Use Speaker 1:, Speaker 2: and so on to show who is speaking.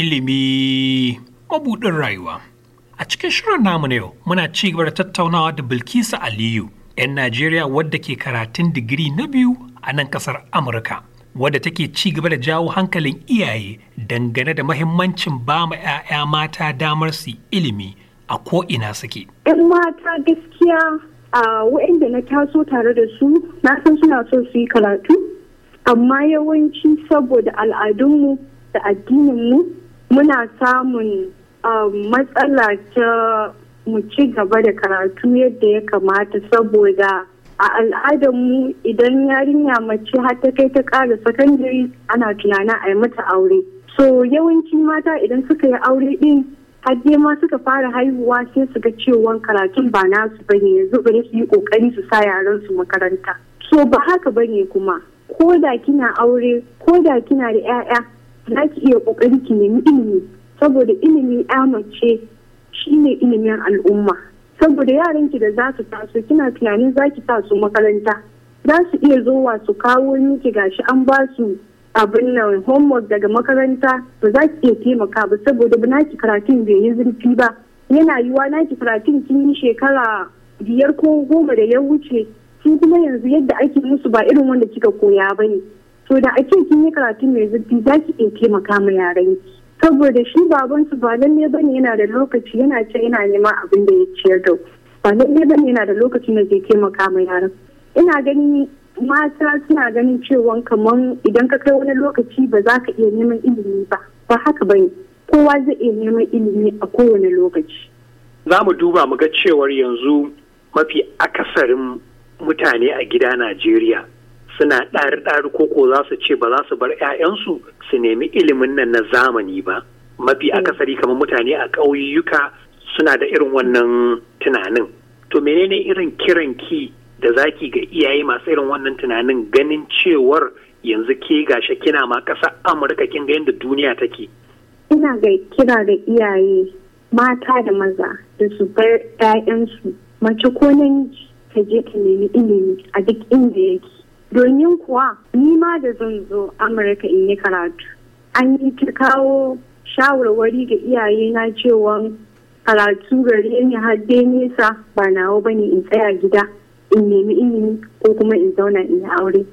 Speaker 1: ilimi mabuɗin rayuwa. A cikin shirin namu na yau muna ci gaba da tattaunawa da Bilkisu Aliyu, 'yan Najeriya wadda ke karatun digiri na biyu a nan ƙasar Amurka, wadda take ci gaba da jawo hankalin iyaye dangane da mahimmancin ba ma 'ya'ya mata damar su ilimi a ko'ina suke.
Speaker 2: 'Yan mata gaskiya a waɗanda na taso tare da su na san suna so su yi karatu, amma yawanci saboda al'adunmu da addininmu muna samun um, matsala ta mu ci gaba da karatu yadda ya kamata saboda a al'adarmu idan yarinya mace har ta kai ta ƙara sakandare ana tunanin a yi mata aure so yawanci mata idan suka yi aure din hajje ma suka fara haihuwa sai su ga cewa karatun ba nasu bane yanzu ba su yi kokari su sa yaran su makaranta so ba haka bane kuma ko da kina aure ko da kina da 'ya'ya za ki iya kokari ki nemi ilimi saboda ilimi shi shine ilimin al'umma saboda yaran ki da za su taso kina tunanin za ki taso makaranta za su iya zowa su kawo miki gashi an ba su abin nan homework daga makaranta ba za ki iya taimaka ba saboda ba naki karatun bai yi zurfi ba yana yiwa naki karatun kin yi shekara biyar ko goma da ya wuce sun kuma yanzu yadda ake musu ba irin wanda kika koya ba ne so da a ce kin yi karatu mai zurfi za ki iya taimaka ma yaran saboda shi baban su ba lalle bane yana da lokaci yana ce yana neman abin da ya ciyar da ba lalle bane yana da lokaci na zai taimaka ma yaran ina gani mata suna ganin cewa kamar idan ka kai wani lokaci ba za ka iya neman ilimi ba ba haka bane kowa zai iya neman ilimi a kowane lokaci
Speaker 3: za mu duba mu ga cewar yanzu mafi akasarin mutane a gida Najeriya suna ɗari-ɗari koko za su ce ba za su bar 'ya'yansu su nemi ilimin nan na zamani ba mafi hmm. akasari kamar mutane a ƙauyuka suna da irin wannan tunanin to menene irin kiran ki da zaki ga iyaye masu irin wannan tunanin ganin cewar yanzu ke gashe kina ma ƙasa amurka kin ga yadda duniya take
Speaker 2: ina ga kira da iyaye mata da maza da su bar 'ya'yansu mace ko nan ta je ta nemi ilimi a duk inda yake domin kuwa ni ma da zan zo amurka in yi karatu an yi ta kawo shawarwari ga iyaye na cewa karatu gare ni har dai nesa ba nawa bane in tsaya gida in nemi ilimi ko kuma in zauna in yi aure